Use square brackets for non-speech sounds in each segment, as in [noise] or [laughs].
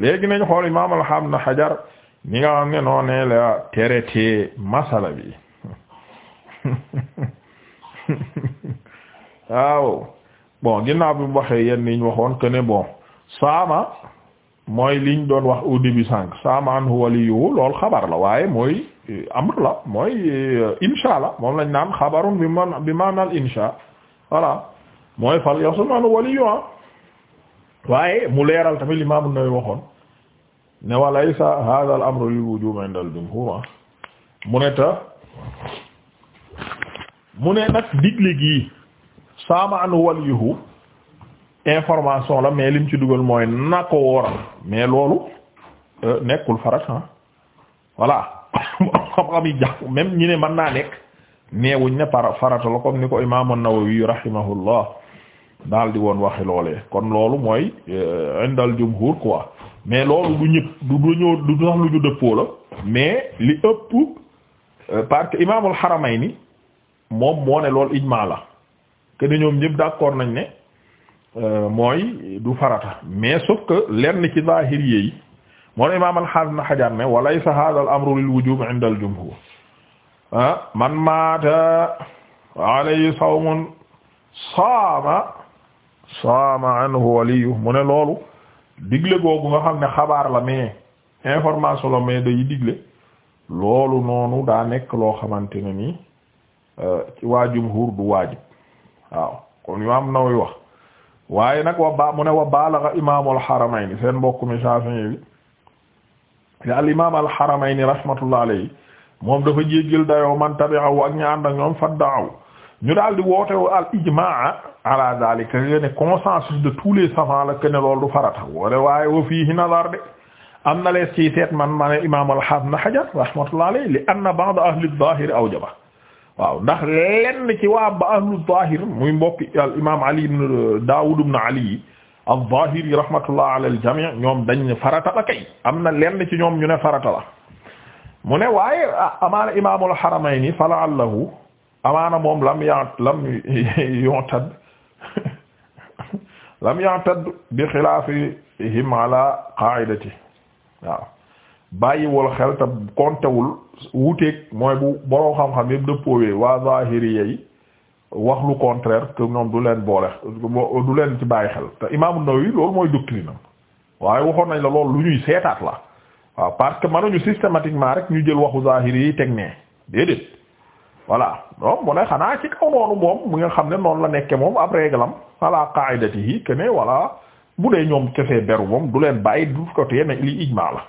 léegi nañ xool imaam alxam na xajar ñi nga xam ne noonee la traité masala bi [laughs] waaw bon ginnaaw bi mu waxee yenn niñ waxoon que bon saama mooy liñ doon wax au début sànq saama an huwa waliyuhu lool xabar la waaye mooy euh, amr la mooy euh, insha Allah moom lañ naan xabarun bi man bi maanaal insha mooy fal yasum an waliyuhu ah. waaye mu leeral tamit Imaam An-Nawawi waxoon ne walaysa hadha al-amru lil wujub inda al-jumhur mu ne ta mu ne nag digle gi saama anu waliyuhu information la mais lim ci dugal mooy na ko wooral mais loolu euh, nekkul farat ah voilà [coughs] xam-xam yi jax même ñi ne mën naa nekk neewuñ ne par farata la comme ni ko Imaam An-Nawawi rahimahullah daal di woon waxi loole kon loolu mooy euh, indal jumhur quoi mais loolu du ñëpp du du ñëw du sax lu ñu dëppoo la mais li ëpp euh, parce que imaamul xaramayni moom moo ne loolu ijmaa la que ñoom ñëpp d'accord nañ ne euh, mooy du farata mais sauf que lenn ci zaahir yi moo ne imaam al na xajar ne walaysa hada al amru lil wujub inda ah, man maata alayhi sawmun saama saama anhu waliyu mu ne loolu digle googu nga xam ne xabaar la mais information la mais day digle loolu noonu daa nekk loo xamante ne nii euh, ci waa jumhur du waajib waaw kon yu am nawoy wax waaye nag wa ba mu ne wa baalaxa imaamul xaramayni seen mbokk mi Shafi'i bi te al imaam al xaramayni rahmatullah moom dafa jéggal dayoo man tabi'ahu ak ña ànd ak ñoom fadda'ahu ñu daal di woote al ijmaa ala zalika ne consensus de tous les savants la que ne loolu du farata wala waaye wa fiihi nazar de am na lees ciy seet man ma ne imaam al-Hafiz Hajar rahmatullahi alayhi li anna ba'd ahli az-zahir awjaba waaw ndax lenn ci waa ba ahlu az-zahir muy mbokki al imaam Ali ibn Dawud ibn Ali az-Zahiri rahmatullah ala al-jami' ñoom dañ ne farata la kay am na lenn ci ñoom ñu ne farata la mu ne waaye ah, amaana imaamul Haramayni fala'allahu amaana moom lam ya lam [laughs] yu'tad [laughs] lam yu'tad bi xilaafihim ala qa'idati waaw bàyyiwul xel te kontewul wuuteeg mooy bu borom xam-xam yëpp dëppoowee waa zahiriyya yi wax lu contraire que ñoom du leen boole du leen ci bàyyi xel te imaamu Nawawi loolu mooy doctrine waaye waxoon nañ la loolu lu ñuy seetaat la waaw parce que mënuñu systématiquement rek ñu jël waxu zahiri yi teg nee déedéet voilà donc mu ne xanaa ci kaw noonu moom mu nga xam ne noonu la nekke moom ab réglam ala qaidatihi que ne voilà bu dee ñoom kefee beru moom du leen bàyyi du côté ne li ijma la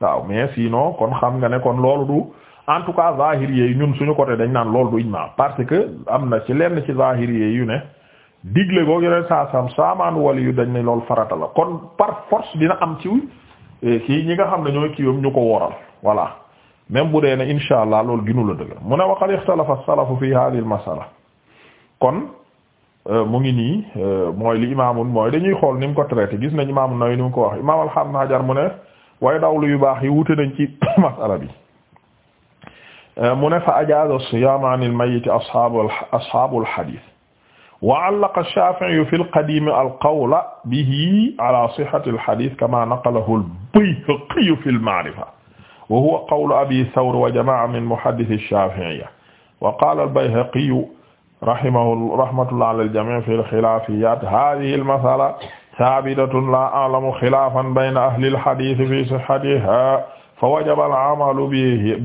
waaw mais sinon kon xam nga ne kon loolu du en tout cas zahiriyé yi ñun suñu côté dañ naan loolu du ijma parce que am na ci lenn ci zahiriyé yu ne digle goo yeneen saa sam saamaan wali yu dañ ne loolu farata la kon par force dina am ci kii eh, ñi nga xam ne ñoo kiiwam ñu ko woral voilà même bu dee ne insha allah loolu ginu la dëgg mu ne waqad ixtalafa salafu fi hadhihi al kon euh, mu ngi nii euh, mooy li imaamul mooy dañuy xool ni ko traité gis nañ imaamul Nawawi ni mu ko wax imaam al-Hafiz Hajar mu dawlu yu baax yi wute nañ ci [coughs] masala bi euh, mu ne fa ajaaza as-siyaam an al-mayyit ashaabul ashaabul hadiis wa allaqa ash-Shaafi'i fi al-qadiim al-qawla bihi ala sihhati al-hadiis kamaa naqalahu al-Bayhaqi fi wa huwa qawlu abi thawr wa jamaa min muhaddisi shaafi'iyya wa qaala al-bayhaqiyyu rahimahu rahmatullah ala al-jamii' fi al-xilaafiyaat haadihi al-mas'ala saabitatun laa a'lamu xilaafan bayna ahli al-hadiis fi sihhatihaa fa wajaba al-amalu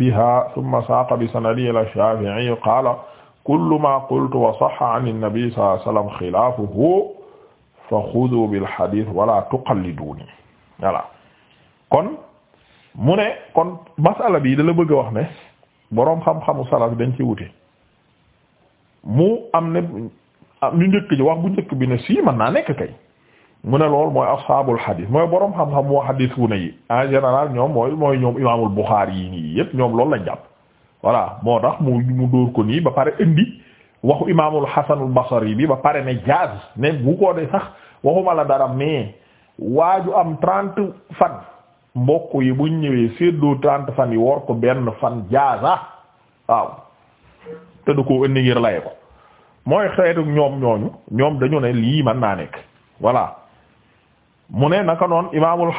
bihaa thumma saaqa bi sanadihi ilaa ash-shaafi'iyyi qaala kullu maa qultu wa sahha an an-nabii sallallaahu alayhi wa sallam xilaafuhu fa xuduu bil-hadiis wa laa tuqalliduunii voilà kon mu ne kon masala bi da la bëgg wax ne boroom xam-xamu salaf dañ ci wute mu am ne ñu njëkk ji wax bu njëkk bi ne sii man naa nekk kay mu ne loolu mooy ashabul hadith mooy boroom xam-xam moo hadith wu yi en général ñoom mooy mooy ñoom imaamul Bukhari yi nii yëpp ñoom loolu lañ jàpp voilà moo tax mu mu dóor ko nii ba pare indi waxu imaamul Hasanul Basri bi ba pare ne jaaz ne bu ko dee sax waxuma la dara mais waaju am trente fan mbokk yi buñ ñëwee séddoo trente fan yi wor ko benn fan jaaza waaw te du ko indi ngir laye mooy xeetu ñoom ñooñu ñoom dañu ne lii man naa nekk voilà mu ne naka noon imaamul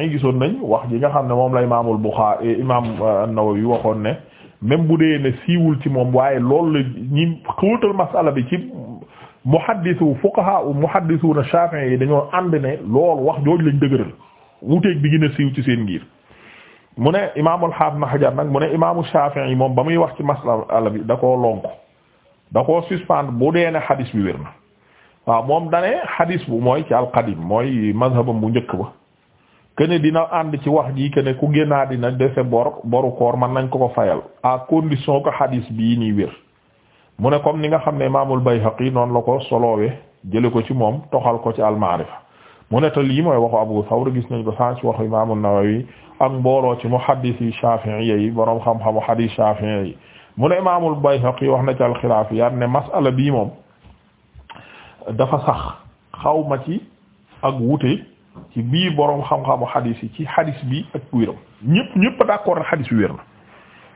yi gisoon nañ wax ji nga xam ne moom la imaamul Bukhari eh, imaam An-Nawawi euh, waxoon ne même bu dee ne siiwul ci moom waaye lool la ñi xóotal masala bi ci muhaddisu fuqaha muhaddisuna Shafi'i yi dañoo ànd ne loolu wax jooju lañ dëgëral wuteeg bi gën a siiw ci seen ngir mu ne imaamul xaafis na xajar nag mu ne imaamu Shaafi'i moom ba muy wax ci masala bi da koo lonk da koo suspendre bu dee ne xadis bi wér na waaw moom dane xadis bu mooy ci alqadim mooy mazhabam bu njëkk ba kene dina ànd ci wax ji kene ku génnaa dina dese bor boru koor mën nañ ko ko fayal a condition ko xadis bii nii wér mu ne kom ni nga xam ne imaamul Bayhaqi noonu la ko soloowe jële ko ci moom toxal ko ci al-Ma'rifa mu ne te lii mooy waxu Abu Thawr gis nañ ko saa ci waxu Imaamu Nawawi ak mbooloo ci muhaddis yi Shafi'i yi boroom xam-xamu hadis Shafi'i yi mu ne Imaamul Bayhaqi wax na ci al-Xilaafiyaat ne mas'ala bii moom dafa sax xaw ci ak wute ci bii boroom xam-xamu hadis yi ci hadis bi ak wéram ñëpp ñëpp d'accord na hadis wér na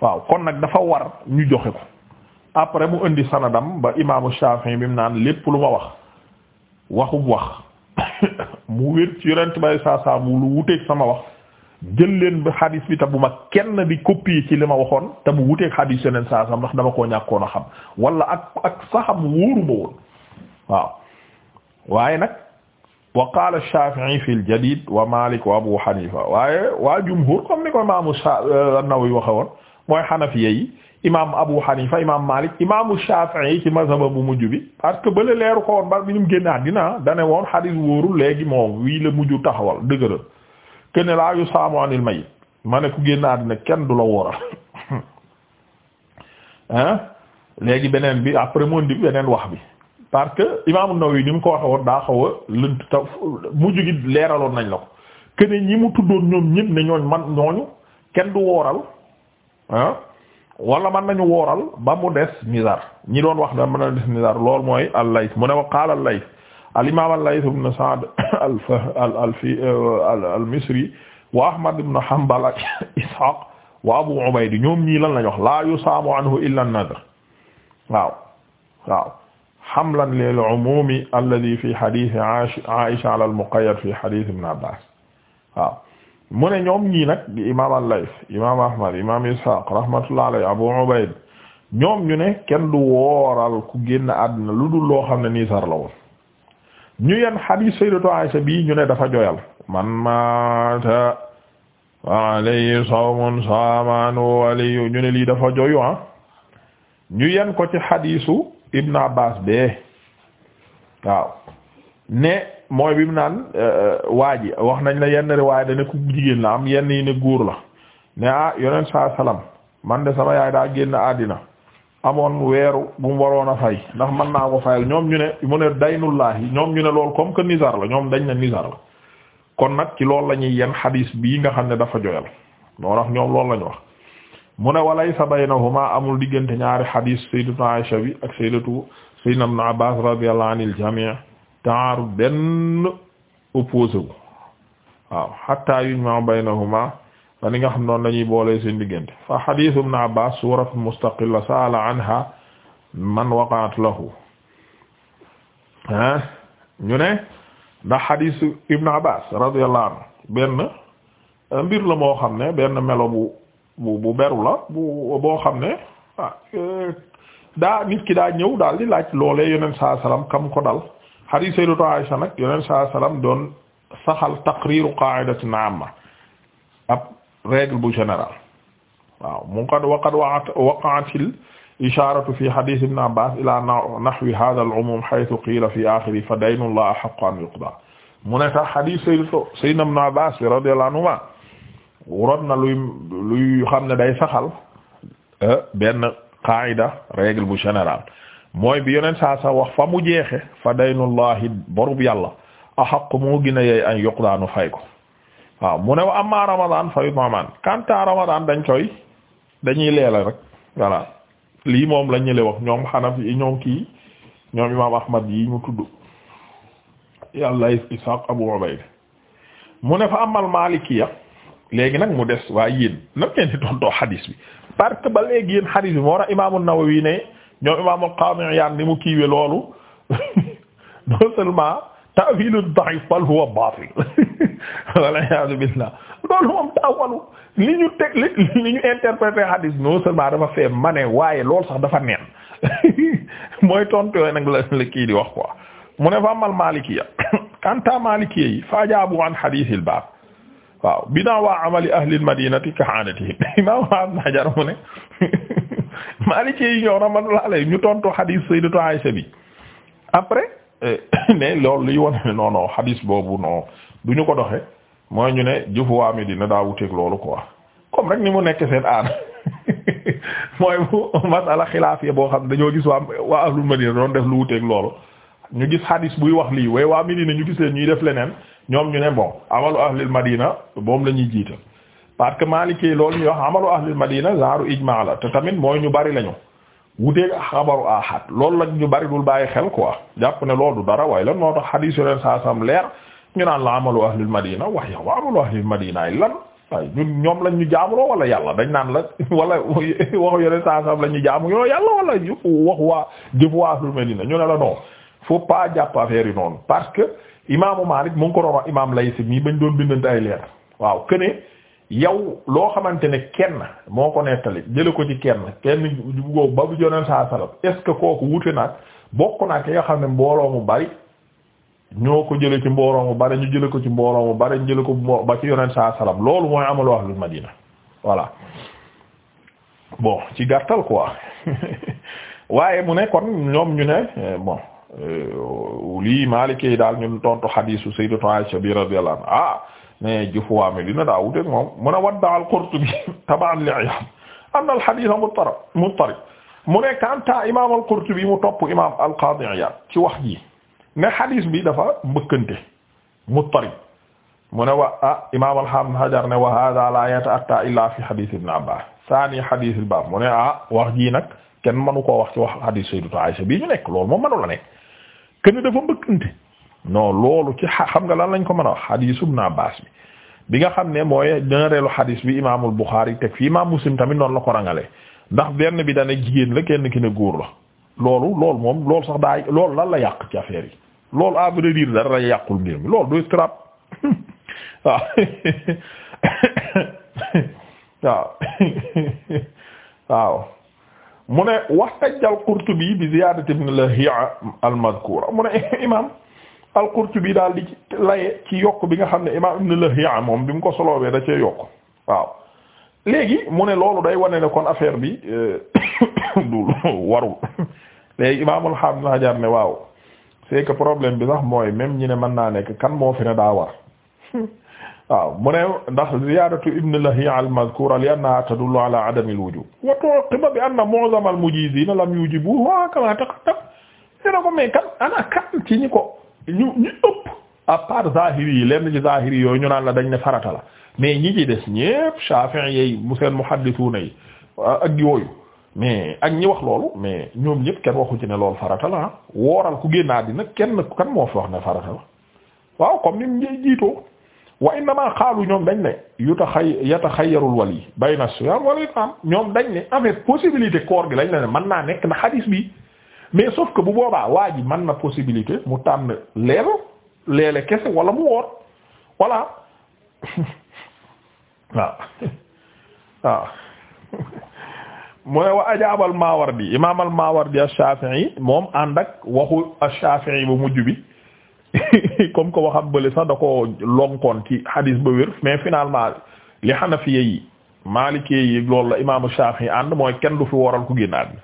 waaw kon nag dafa war ñu joxe ko après mu indi sanadam ba Imaamu Shafi'i bi mu naan lépp lu ma wax waxu wax. [coughs] mu wér ci yonent bay saa saa lu wuteeg sama wax jël leen ba xadis bi te bu ma kenn di kuppi ci li ma waxoon te bu wuteeg xadis yeneen saa saa ndax dama koo ñàkkoon a xam wala ak ak saxam wóoruma woon waaw waaye nag wa qaala Shaafi'i fi al-jadiid wa Maalik wa Abu Hanifa waaye waa jumhur comme ni ko maamu An-Nawawi waxe mooy Hanafi yi imam Abu Hanifa imam Malik imaamu Shafi'i ci mazhab bu mujj bi parce que bële leeru ko woon bar bi ñu mu génn àddina dane woon xadis wóorul léegi moom wii la mujj taxawal dëgëral kene laa yu saamu anil mayit ma ne ku génn àddina kenn du la wóoral [laughs] hein léegi beneen bi après moon di beneen wax bi parce que imaamu Nawawi ni mu ko waxe woon daa xaw a lënt ta mujj gi leeraloon nañ la ko kene ñi mu tuddoon ñoom ñëpp ne ñooñ man ñooñu kenn du wooral wala mën nañu wooral ba mu des Nizar ñi doon wax da mën na des Nizar lool mooy al-Layth mu ne wa qaala al-Layth al-imaam al-Layth ibn Sa'd [coughs] al-Alfi euh, al-Misri wa Ahmad ibn Hanbal ak [coughs] Ishaq wa Abu Ubayd ñoom ñii lan lañ wax la yusaamu anhu illa an-nadr waaw waaw hamlan lil umumi alladhi fi hadith Aisha ala al-muqayyad fi hadith ibn Abbas waaw mu ne ñoom ñii nag di imaam al imaam Ahmad imaam Ishaq rahmatullah Abu Ubayd ñoom ñu ne kenn du wooral ku génn àddina lu dul loo xam ne niisar la woon ñu yenn hadith sayyidatu Aisha bii ñu ne dafa joyal man maata wa alayhi sawmun saaman ñu ne lii dafa joyu ah ñu yenn ko ci hadithu Ibn Abbas bee waaw ne mooy bi mu naan euh, euh, waa ji wax nañ la yenn riwaay dana ku jigéen la am yenn yi ne góor la ne ah yonent saa salaam man de sama yaay daa génn àddina amoon weeru bu mu waroon a fay ndax man naa ko fayal ñoom ñu ne mu ne daynullaahi ñoom ñu ne lool comme que nizar la ñoom dañ na nizar la kon nag ci loolu la ñuy yenn xadiis bii nga xam ne dafa joyal moo tax ñoom loolu la ñu wax mu ne walay sa baynahuma amul diggante ñaari xadiis sayyidatu Aisha bi ak sayyidatu sayyidina Ibn taaru benn opposé wu waaw hatta yujma baynahuma ba ni nga xam noonu lañuy boole seen diggante fa hadith ibn abbas suratu mustaqilla sa'ala anha man waqa'at lahu ah ñu ne ndax hadith ibn abbas radiyallahu anhu benn mbir la moo xam ne benn melo bu bu beru la bu boo xam ne ah, euh, daa nit ki daa ñëw daal di laaj loolee yeneen saa salaam kam ko dal hadith Sayyidatu Aisha nag yonent saa salaam doon saxal taqriiru qaa'idatin aamma ab règle bu général waaw mu qad waqad waqa'atil ishaaratu fi hadith Ibn Abbas ila nahwi haadha al-umuum haythu qiila fi aaxirihi fa daynullahi ahaqqu an yuqdaa mu ne tax hadith Sayyidatu Sayyidina Ibn Abbas radiyallahu anhumaa waroon na luy luy xam ne day saxal eh, benn qaa'ida règle bu général mooy bi yonent saa sa wax fa mu jeexe fa daynullahi borub yàlla axaqu moo gën a yey an yuqdaanu fay ko waaw mu ne wa amma fa yutmaman kanta ramadan koy dañuy leela rek lii moom la ñu wax ñoom xanaf kii ñoom imam ahmad yi tudd yàlla ishaq abu ubayd léegi nag mu des waaye yéen nag ngeen di tontoo xadis bi parce ba léegi yéen xadis bi moo tax imaamu Nawawi ne ñoom imaam al-Qaadi Iyaad ni mu kiiwe loolu non seulement ta'wiilu da'if bal huwa baatil wal iyaadu billaah loolu moom taawalu li ñu teg li ñu dafa fee mane waaye loolu sax dafa neen [laughs] mooy tontu yooyu nag la la kii di mu ne fa mal maalikiya [coughs] kanta maalikiya yi jaabu an hadiisil baab waaw bina wa amali ahli al-madiinati ka haanatihim [laughs] imaam Ibn Hajar mu ne Maliki yi ñëw rahmatullah alayhi ñu tontu hadith Sayyidatu Aisha bi après eh, [laughs] ne loolu liy wane ne non non boobu non du ñu ko doxe mooy ñu ne jëfu waa Medina daa wuteeg loolu quoi comme rek ni mu nekk seen aada [laughs] mooy bu masala xilaaf yi boo xam dañoo gis waa waa ahlul Madina doon def lu wuteeg loolu ñu gis hadith buy wax lii waaye waa Medina ñu gis leen ñuy def leneen ñoom ñu ne bon amalu ahlul Madina moom la ñuy jiital parce que Maliki loolu ñuy wax amalu ahlil madina zaaru ijmaa la te tamit mooy ñu bari lañu wuteeg xabaru ahad loolu lañ ñu bari dul bàyyi xel ko jàpp ne loolu du dara waaye lan moo tax xadiis yu leen sam leer ñu naan la amalu ahlil madina wax yow amalu ahlil madina ay lan waaye ñun ñoom lañ ñu jaamuloo wala yàlla dañ naan la [laughs] wala waxu yeneen saa sam lañ ñu jaamu yoo yàlla wala wax wa jëf waa ahlil madina ñu ne la non faut pas jàpp affaire yi noonu parce que imaamu Maalik mu ngi ko doon wax imaam Laysi mii bañ doon bindante ay leer waaw këne yow loo xamante ne kenn moo ko nettali jële ko ci kenn kenn góob ba bu joneen saa sallam est kooku wute nag bokk naag ki nga xam ne mbooloo mu bari ñoo ko jële ci mbooloo mu bari ñu jële ko ci mbooloo mu bari ñu jële ko ba ci yoneen saa sallam loolu mooy amalu ahlul madina voilà bon ci gàttal quoi [laughs] waaye mu ne kon ñoom ñu ne eh, bon eh, lii Maalik yi daal ñun tontu xadiisu Sayyidatu Aisha bi radiyallahu anha ah mais Jufuwa Medina daa wuteeg moom mun a wadda al-Qurtubi tabaan li Iyaad anna al mu ne kanta imaam al mu topp imaam al ci wax ji ne hadiis bi dafa mbëkkante muttarib mu ne wa ah imaam al-Haafiz Hajar ne wa haadaa laa yata'attaa illaa fi hadiis Ibn Abbaas saani hadiis al-baab mu ne ah wax ji nag kenn mënu koo wax ci wax hadiis Sayyidatu Aysa bii ñu nekk loolu moom mënu la nekk kenn dafa mbëkkante. non loolu ci xam nga lan lañ ko mën a wax xadiisu Ibn Abbaas bi bi nga xam ne mooy ñaareelu xadiis bi imaamul Buxaari teg fii imaam Muslim tamit noonu la ko rangale ndax benn bi dana jigéen la kenn ki ne góor la loolu loolu moom loolu sax daa loolu lan la yàq ci affaire yi loolu à vrai dire dara yàqul mbir mi loolu du strap [laughs] waaw [laughs] [laughs] waaw mu ne waxtajal Qurtubi bi ziyaadati ibn Lahiya al-mazkuura mu ne imaam al-Qurtubi daal di laye ci yokk bi nga xam ne imaam Ibn Lahiya moom bi mu ko soloobee da cee yokk waaw léegi mu ne loolu day wane ne kon affaire bi euh, [coughs] du warul léegi imaam al-Hafiz Hajar ne waaw c'est que problème bi sax mooy même ñi ne mën naa nekk kan moo fi ne daa war waaw mu ne ndax ziyaadatu Ibn Lahiya al-mazkuura li annahaa tadullu ala adami al-wujuub wa tuqiba bi anna mu'zama al-mujiiziina lam yujibuuhu kama taqaddam ne ko mais kan ana kan ci ko ñu ñu ëpp à part zahiri yi lenn ci zahiri yooyu ñu naan la dañ ne farata la mais ñi ci des ñépp Shafi'i yi mu seen muhaddisuna yi ak yooyu mais ak ñi wax loolu mais ñoom ñépp kenn waxu ci ne loolu farata la ah wooral ku génn àddina kenn kan moo fi wax ne farata la waaw comme ni mu jiitoo wa innama xaalu ñoom dañ ne yutaxay yataxayyarul wali bayna siyam wal it'am ñoom dañ ne en fait possibilité koor gi lañ la ne mën naa nekk na xadiis bi. mais sauf que bu boobaa waa ji man na possibilité mu tànn leelu leele kese wala mu woor voilà [laughs] waaw [laughs] waaw [laughs] mu ne wa ajaaba al Maawardi imaam al shafii moom ànd ak waxu ash-Shafi'i bu mujj bi comme que waxam bële sax da ko lonkoon ci hadis ba wér mais finalement li Hanafiya yi Maalikee yi loolu la imaamu Shafi'i ànd mooy kenn du fi wooral ku génn àddina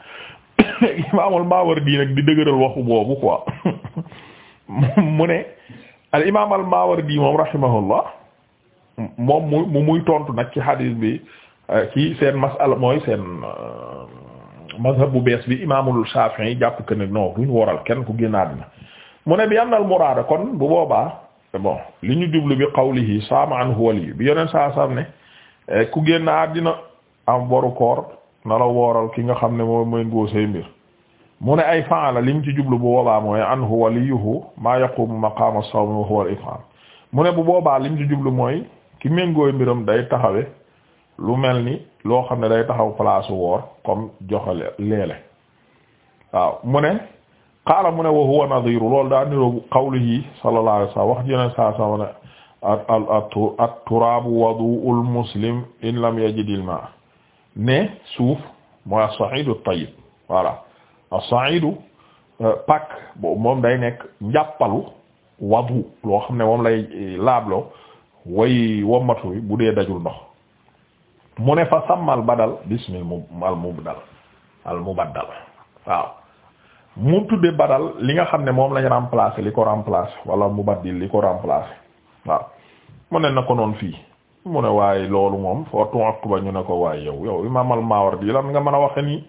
[coughs] imaamul Maawardi nag di dëgëral waxu boobu quoi [laughs] mu ne al imaam al Maawardi moom rahimahullah moom mu muy tontu nag ci hadis bi euh, ci seen masala mooy seen euh, mazhab bu bees bi imaamul Shaafi'i yi jàpp que ne non duñ waral kenn ku génnaat na mu ne bi am na al muraada kon bu boobaa bon li ñu jublu bi qawlihi saama anhu wali bi yoneen saa saam ne euh, ku génnaat dina am boru koor. na la wooral ki nga xam ne moo mooy ngoo say mbir mu ne ay faala lim ci jublu bu boobaa mooy anhu waliyuhu maa yaqumu maqaama as-sawmi wa huwa al mu ne bu boobaa lim ci jublu mooy ki méngooy mbiram day taxawe lu mel ni loo xam ne day taxaw place woor comme joxale leele waaw mu ne qaala mu ne wa huwa nadiru loolu daa niroobu qawlihi sallallahu alayhi wa sallam wax yeneen saa saa ne at turaabu wadu'ul muslim in lam yajidil maa ne suuf mooy as-sa'idu at-tayyib voilà as-sa'idu euh, pak boobu moom day nekk njàppalu wadu loo xam ne moom lay eh, laabloo way wommatu bu dee dajul ndox mu ne fa sàmmal badal bismil mu al mubdal al mubaddal waaw mu tudde badal li nga xam ne moom lañ remplacer li ko remplacer wala mubaddil li ko remplacer waaw mu ne na ko noon fii mu ne waaye loolu moom foo tuwaq ba ñu ne ko waaye yow yow imaam al-Mawardi lan nga mën a waxe nii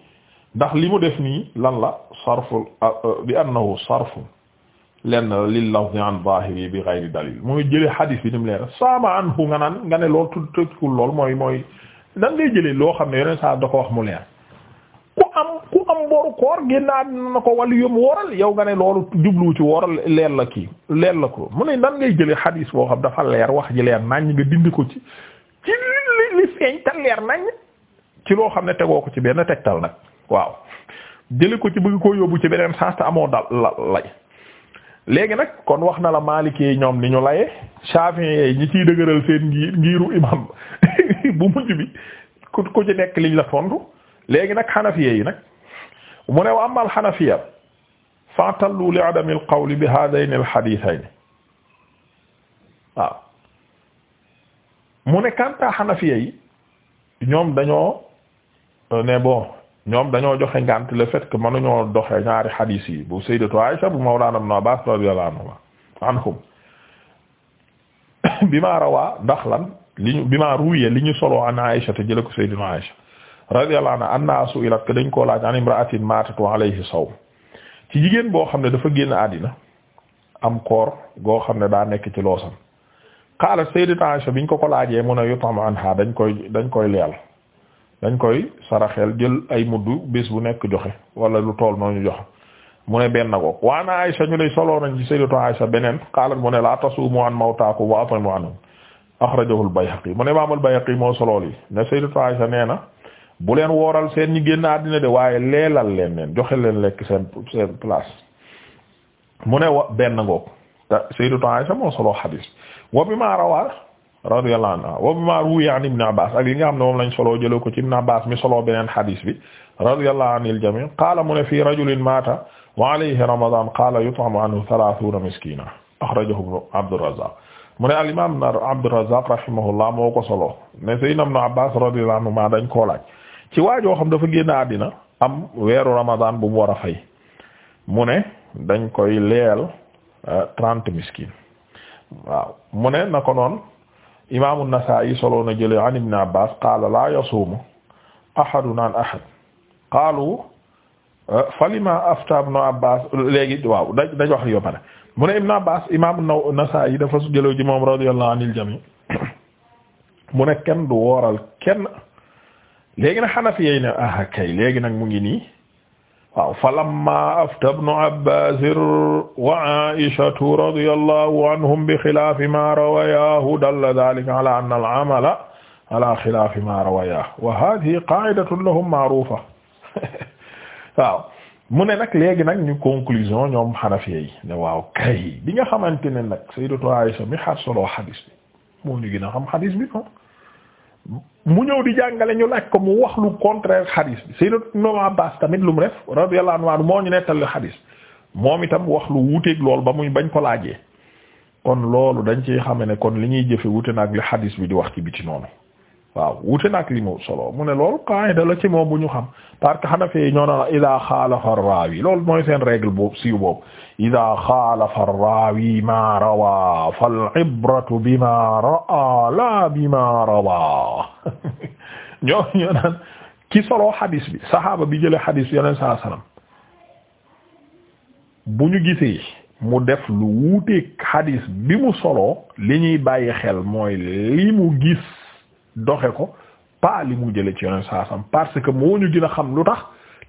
ndax li mu def nii lan la sarfu bi annahu sarfu lenn lil lafzi an zahiri bi ghayri dalil mu ngi jëlee hadith bi ni mu leer saama anhu nga naan nga ne loolu tudd tëkkul lool mooy mooy nan ngay jëlee loo xam ne yeneen saa da ko wax mu leer ku am ku am boru koor génnaa na ko wàllu yom wooral yow nga ne loolu jublu ci wooral leer la kii leer la ko mu ne nan ngay jëlee xadiis boo xam dafa leer wax ji leer nañ nga dindi ko ci ci li li feeñ te leer nañ ci loo xam ne tegoo ko ci benn tegtal nag waaw jële ko ci bëgg ko yóbbu ci beneen sens te amoo dal la lay léegi nag kon wax na la Maliki ñoom ni ñu laye Shafi'i ñi ciy dëgëral seen ngiiru imam [laughs] bu mujj bi ku ku ci nekk liñ la tontu. léegi nag xanafiya yi nag mu ne wa amal xanafiya fa'tallu li adami al qawli bi haadayni al hadithayni waaw mu ne kanta xanafiya yi ñoom dañoo euh, ne bon ñoom dañoo joxe ngànt le fait que mënuñoo doxe ñaari xadiis yi bu sayyidatu Aisha bu mawlana ibn Abbas radiyallahu anhum [coughs] bi ma rawaa ndax lan li ñu bi ma ruuye li ñu solo an Aisha te jële ko sayyidatu Aisha radiyallahu anha anna su'ilat ke dañ koo laaj an imra'atin matat wa alayhi sawm ci jigéen boo xam ne dafa génn àddina am koor goo xam ne daa nekk ci loosam qaalat sayyidatu Aisha biñ ko ko laajee mu ne yutam anha dañ koy dañ koy leel dañ koy saraxel jël ay muddu bés bu nekk joxe wala lu tool noonu joxe mu ne benn ko waana Aisha ñu ne soloo nañ ci sayyidatu Aisha beneen qaalat mu ne la tasuumu an mawtaakum moo solool yi ne sayyidatu Aisha nee bu leen wooral seen ni génn àddina de waaye leelal leen leen joxe leen lekk seen seen place mu ne wa benn ngoog te Sayyidatu Aisha moo solo xadiis wa bimaa rawaa radiyallahu anha wa bimaa ruwiya an Ibn Abbas ak li nga xam ne moom lañ solo jëlee ko ci Ibn Abbas mi solo beneen xadiis bi radiyallahu anil jamii qaala mu ne fii rajulin maata wa alayhi ramadaan qaala yut'amu anhu thalaathuuna miskiina axrajahu Abdurrazaaq mu ne al imaam Abdurrazaaq rahimahullah moo ko solo ne Sayyidina Ibn Abbas radiyallahu anhu maa dañ koo laaj ci waajoo xam dafa génn àddina am weeru ramadan bu mu war a fay mu ne dañ koy leel euh, trente miskin waaw mu ne na ko noon imaamu Nasaa'i soloo na jëlee an ibn Abbaas qaala laa yasuumu ahadun an ahad qaalu euh, falima afta ibn Abbaas léegi waaw da dañ wax yo pare mu ne ibn Abbaas imaamu Nasaa'i dafa jëloo ji moom radiyallahu anil jamii [coughs] mu ne kenn du wooral kenn léegi nag xanafi yey ne ah kay léegi nag mu ngi nii waaw falamma afta ibnu abbas wa aishatu radiyallahu anhum bi xilaafi ma rawayahu dalla dhalika ala anna al-amala ala xilaafi ma rawayahu wa hadhihi qa'idatun lahum ma'rufa [laughs] waaw mu ne nag léegi nag ñu conclusion ñoom xanafi yi ne waaw kay bi nga xamante ne nag sayyidatu aisha mi xar solo xadis bi moo ñu gën a xam xadis bi ko ah. mu ñëw di jàngale ñu laaj ko mu wax lu contraire xadis bi Sayyidina Abbas tamit lu mu def radiyallahu anhu moo ñu nettali xadis moom itam wax lu wuuteeg lool ba muy bañ ko laajee kon loolu dañ ci xame ne kon li ñuy jëfe wuute nag li xadis bi di wax ci biti noonu waaw wute nag li mu solo mu ne loolu la ci moom bu ñu xam parce que xanafee ñoo naan ida xaalafa raawi loolu mooy seen règle boobu siiw boobu ida xaalafa raawi ma rawa fal ibratu bima raa la bima rawa [laughs] ñoo ñoo naan ki solo xadis bi saxaaba bi jële xadis bi yoneen saa bu ñu gisee mu def lu xadis bi mu solo li ñuy bàyyi xel mooy li mu gis doxe ko pas li mu jële ci yoneen saa sam parce que moo ñu gën xam lu tax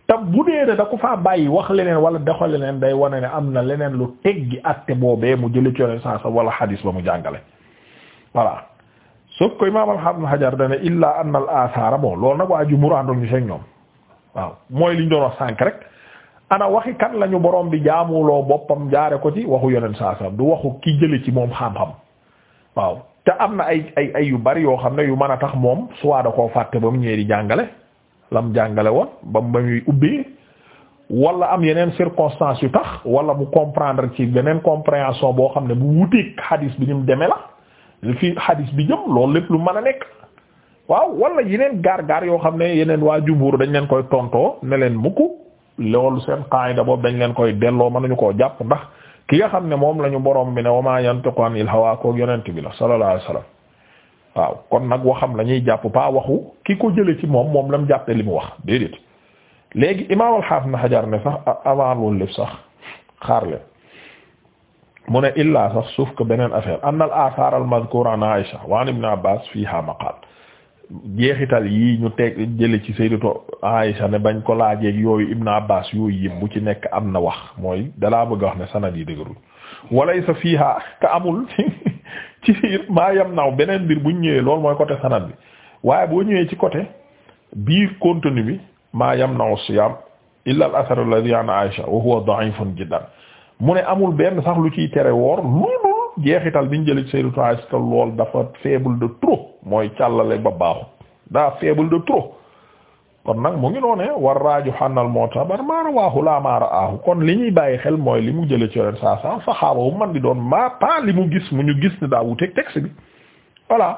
tam bu dee ne da ko faa bàyyi wax leneen wala doxe leneen day wane ne am na leneen lu teggi atte boobee mu jële ci yoneen saa sam wala xadiis ba mu jàngale voilà sauf que imaam alxam xajar dane illa anna al athara bon loolu nag waa ju muraandoon ñu seeg ñoom waaw mooy liñ doo wax sànk rek ana waxi kan lañu borom bi jaamuloo boppam jaare ko ci waxu yoneen saa du waxu ki jële ci moom xam te am na ay ay ay yu bari yoo xam ne yu mën a tax moom soit da koo fàtte ba mu ñëwee di jàngale lam jàngale woon ba mu ba muy ubbi wala am yeneen circonstance yu tax wala mu comprendre ci beneen compréhension boo xam ne bu wuteeg hadis bi ñu mu demee la li fi hadis bi jëm loolu lépp lu man a nekk. waaw wala yeneen gaar-gaar yoo xam ne yeneen waa jumbuur dañ leen koy tontoo ne leen mukk loolu seen da boobu dañ leen koy delloo mënuñu koo jàpp ndax. ki nga xam ne moom la ñu borom bi ne wa ma yantiqu anil hawa ko yonent bi la sallallahu alayhi waaw kon nag waxam la ñuy jàpp pas waxu ki ko jële ci moom moom la mu jàppe li mu wax déedéet léegi imaam al-Hafiz Ibn ne sax avant loolu sax xaar leen mu ne illaa sax suuf que beneen affaire anna al-athar an Aisha wa an ibn Abbas fiha maqal jeexital yi ñu teg jële ci sayyidatu Aisha ne bañ ko laajeeg yooyu Ibn Abbas yooyu yëpp bu ci nekk am na wax mooy dalaa bëgg wax ne sanad yi dëgërul walaysa fiiha te amul [laughs] ci biir maa yam naaw beneen mbir buñ ñëwee loolu mooy côté sanad bi waaye boo ñëwee ci côté biir contenu bi maa yam naaw siyaam illa al athar alladhi an Aisha wa huwa da'ifun jiddan mu ne amul benn sax lu ciy tere woor loolu jeexital biñ jëlee Sayyidatu Aisha que lool dafa faible de trop mooy càllale ba baaxut daa faible de trop kon nag mu ngi noonee war raaju xànnal mu'tabar maa rawaahu laa maa ra'aahu kon li ñuy bàyyi xel mooy li mu jëlee ci Yonent saa saa saxaaba bu man di doon maa pas li mu gis mu ñu gis ni daa wuteeg texte bi voilà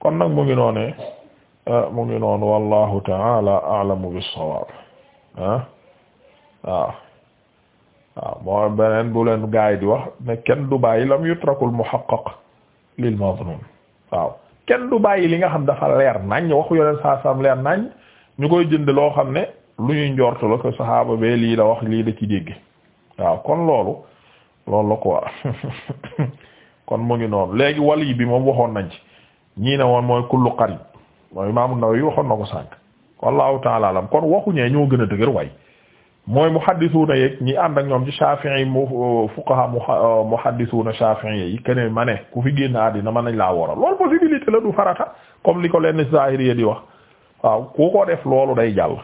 kon nag mu ngi noonee ah, mu ngi noonu wallahu ta'ala a'lamu bis-sawaab ah waaw. Ah. waaw moo beneen bu leen gaay di wax ne kenn du bàyyi lam yutrakul muhaqqaq lil mazlum waaw kenn du bàyyi li nga xam dafa leer nàññ waxu yoneen saa sam leer nañ ñu koy jënd loo xam ne lu ñuy njort la ko saxaaba bee lii la wax lii la ci dégg waaw kon loolu loolu la ko war [laughs] kon mu ngi noonu léegi wali bi moom waxoon nañ ci ñii ne woon mooy kullu qarib mooy Imam Nawawi waxoon na ko sànq wallahu ta'ala alam kon waxuñee ñoo gën a dëgër way mooy na yeeg ñi ànd ak ñoom ci Shafi'i mu uh, fuqaha uh, muhaddisuuna Shafi'i yi keneen ma ne ku fi génn àddina mën nañ laa waral loolu possibilité la du farata comme li ko leen zahiri di wax waaw ku ko def loolu day jàll.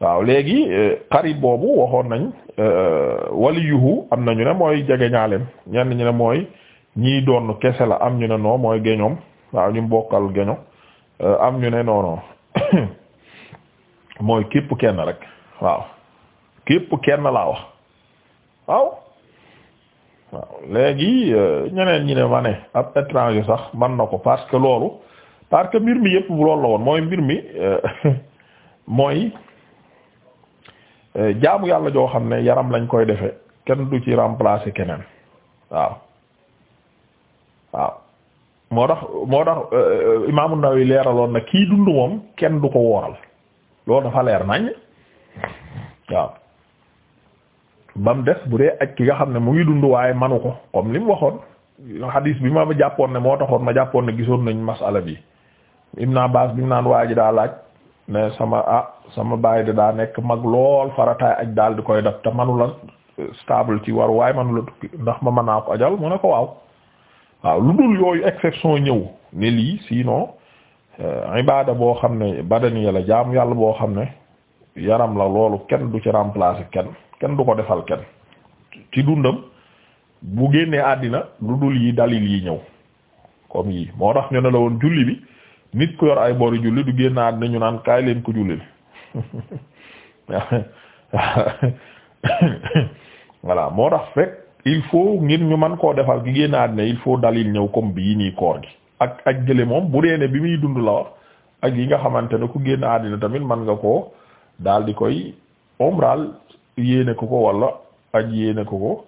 waaw léegi xarib uh, boobu waxoon nañ waliyuhu am na ñu ne mooy jege ñaaleem ñenn ñu ne mooy ñii doon kese la am ñu ne non mooy géñoom waaw ñu bokkal géño am ñu ne non [coughs] mooy képp kenn rek waaw. képp kenn laa wax waaw waaw léegi euh, ñeneen ñi ne ma ne ab étranger sax man na ko parce que loolu parce que mbir mi yëpp loolu la woon mooy mbir mi euh, [laughs] mooy euh, jaamu yàlla joo xam ne yaram lañ koy defe kenn du ci remplacer keneen waaw waaw moo tax moo tax Imaam an leeraloon na kii dund moom kenn du ko wooral loolu dafa leer nañ waaw ba mu des bu dee aj ki nga xam ne mu ngi dund waaye manu ko comme li mu waxoon xadiis bi ma jàppoon ne moo taxoon ma jàppoon ne gisoon nañ masala bi naa Abbas bi mu naan waa ji daa laaj ne sama ah sama baay da daa nekk mag lool farataay aj daal di koy def te manu la stable ci war waaye manu la tukki ndax ma mën naa ko ajal mu ne ko waaw waaw lu dul yooyu exception ñëw ne lii sinon euh, ibaada boo xam ne badaniya la jaamu yàlla boo xam ne yaram la loolu kenn du ci remplacer kenn kenn du ko defal kenn ci dundam bu génnee àddina lu dul yi dalil yi ñëw kom yii moo tax ñu ne la woon julli bi nit ku yor ay bori julli du génn àddina ñu naan kaay leen ko julli [laughs] voilà moo tax fekk il faut ngir ñu man koo defal ki génn àddina il faut dalil ñëw comme bii nii koor gi ak ak jële moom bu dee ne bi muy dund la wax ak yi nga xamante ne ku génn àddina tamit man nga koo daldi koy omral yéene ko ko wala aj yéene ko ko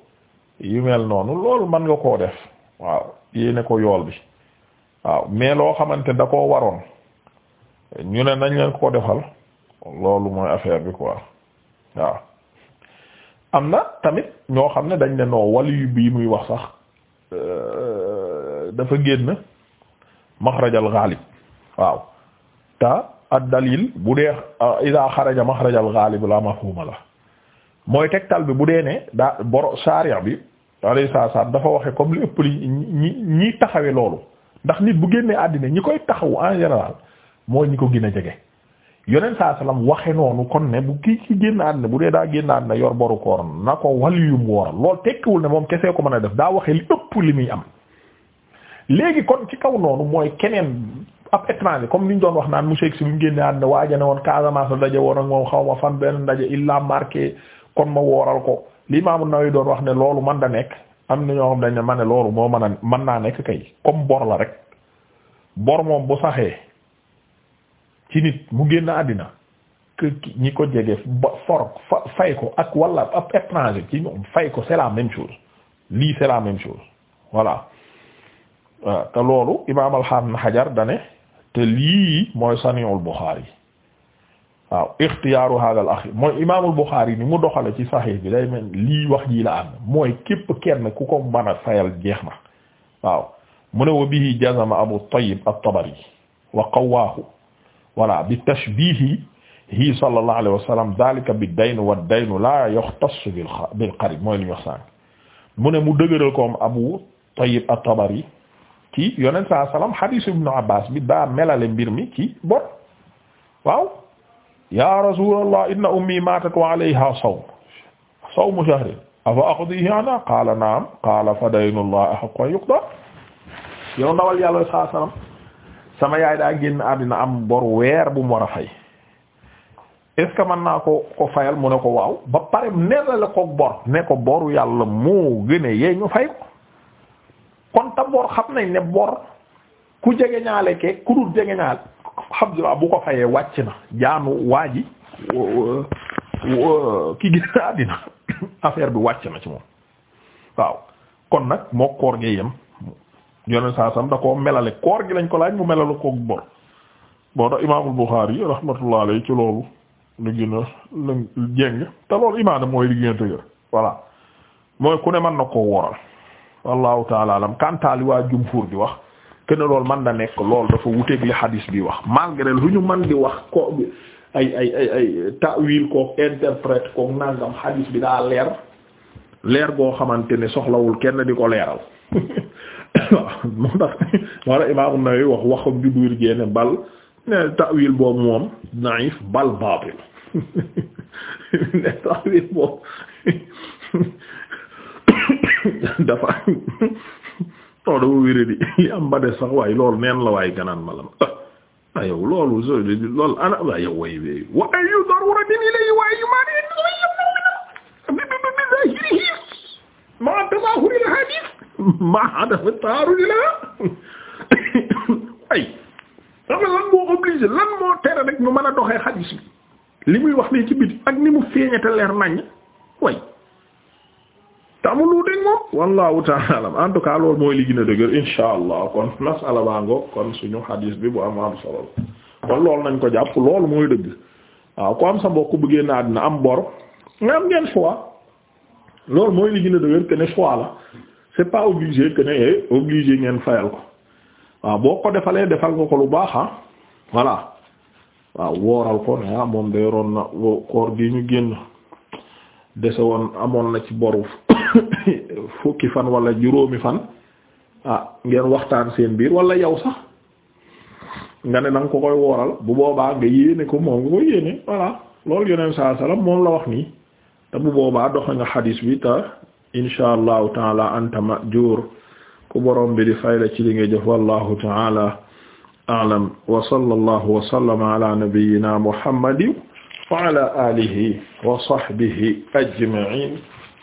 yu mel noonu loolu mën nga koo def waaw yéene ko yool bi waaw mais loo xamante da koo waroon ñu ne nañ leen ko defal loolu mooy affaire bi quoi waaw am na tamit ñoo xam ne dañ ne noo wali yu bii muy wax sax euh, dafa génn maxrajal ghalib waaw ta ad dalil bu dee euh, ida xaraja maxrajal ghalib la mafhuma la mooy tegtal bi bu dee ne daa boro sharia bi saa salaam dafa waxe comme li ëpp li ñi ñi taxawe loolu ndax nit bu génnee àddina ñi koy taxawu en général mooy ñi ko gën a jege yoneen saa salaam waxe noonu kon ne bu kii ci génn àddina bu dee daa génn àddina yor boru koor na ko waliyum wooral loolu tekkiwul ne moom kesee ko mën a def daa waxe li ëpp li muy am léegi kon ci kaw noonu mooy keneen ab étranger comme li ñu doon wax naan monsieur si bu ñu génnee àddina woon Casamance la daje woon xaw ma fan benn ndaje illa kon ma wooral ko li Imaamu Nawawi doon wax ne loolu man da nekk am na ñoo xam ne ma ne loolu moo man a mën naa nekk kay comme bor la rek bor moom bu saxee ci nit mu génn àddina que ñi ko jege ba for fay ko ak wala ab étranger ci ñoom fay ko c'est la même lii selaa la même chose voilà te loolu Imaam al-Hafiz Hajar dane te lii mooy Sahihul Bukhari waaw ixtiyaaru hadal axi mooy imaamul Buxaari ni mu doxale ci saxiix bi day mel lii wax jii la am mooy képp kenn ku ko mën a sayal jeex na waaw mu ne wa bihi jazama Abu Tayyib at-Tabari wa qawwaahu wala bi tashbiihi hi sallallahu alayhi wa sallam daalika bi dayn wa dayn laa yuxtassu bil bil qarib mooy li ñu wax sànq mu ne mu dëgëral koom Abu Tayyib at-Tabari ci yonent saa salaam hadiisu Ibnu Abbaas bi daa melale mbir mi ci bor waaw. ya rasulallah inna ummi maatat wa alayha sawm sawmu shahrin afa aqdihi ana qaala naam qaala fa daynullah ahaqqu an yuqda yow ndawal yàlla saa sama yaay daa génn àddina am bor weer bu mu war a fay est ce naa ko ko fayal mu ne ko waaw ba pare nela la ko bor ne ko boru yàlla moo gën a yee ñu fay ko kon ta bor xam nañ ne bor ku jege ñaale ke ku dul jege ñaale alhamdulilah bu ko fayee wàcc na jaanu waa ji ki gis na àddina affaire bi wàcc na ci moom waaw kon nag moo koor gi yem yoneen saa sam da ko melale koor gi lañ ko laaj mu melale koog bor boo tax imaamul Buxaari rahmatullah alayhi ci loolu lu gën a jéng te loolu imaana mooy li gën a tëgër mooy ku ne mën na koo woral wallahu taala alam waa jumhur di wax kene lool man da nekk loolu dafa wuteeg li hadis bi wax malgré lu ñu man di wax ko ay ay ay ay kook interprète kook nangam hadis bi daa leer leer goo xamante ne soxlawul kenn di ko leeral [laughs] waaw boobu moom naif bal baatil [laughs] [laughs] dafa non dama wéré di [laughs] am ba de sax waaye loolu neen la waaye ganaan ma la ma ah, ah, yow loolu so loolu ana waaye ah, yow way wéy wa ayu daruratin ilayhi wa ayu ma tazahuri al la ay lan moo obligé lan moo tere rek ñu mën a doxee hadith bi li muy wax nii ci biti ak ni mu feeñate leer nañ way te amul lu dégg moom wallahu ta'ala en tout cas loolu mooy li gën a dëgër insha allah kon masala kon suñu hadis bi bu am am solo kon loolu nañ ko jàpp lool mooy dëgg waaw ku am sa mbokk bu génn am bor nga am ngeen choix loolu mooy li gën dëgër que ne la c'est pas obligé que ne eh, obligé ngeen fayal ko waaw boo ko defalee defal nga ko lu baax ah waaw wooral ko ne ah de yoroon na koor gi ñu génn dese woon amoon na ci boru [coughs] fukki fan wala juróomi fan ah ngeen waxtaan seen biir wala yow sax nga ne na ko koy wooral bu boobaa nga yéene ko moom nga ko yéene voilà loolu yeneen saa salaam moom la wax nii te bu boobaa doxe nga xadiis bi insha allahu taala anta majuur ku borom bi di fay la ci li nga jëf wallahu taala a'lam wa sallallahu wa sallama ala nabiyyina wa ala alihi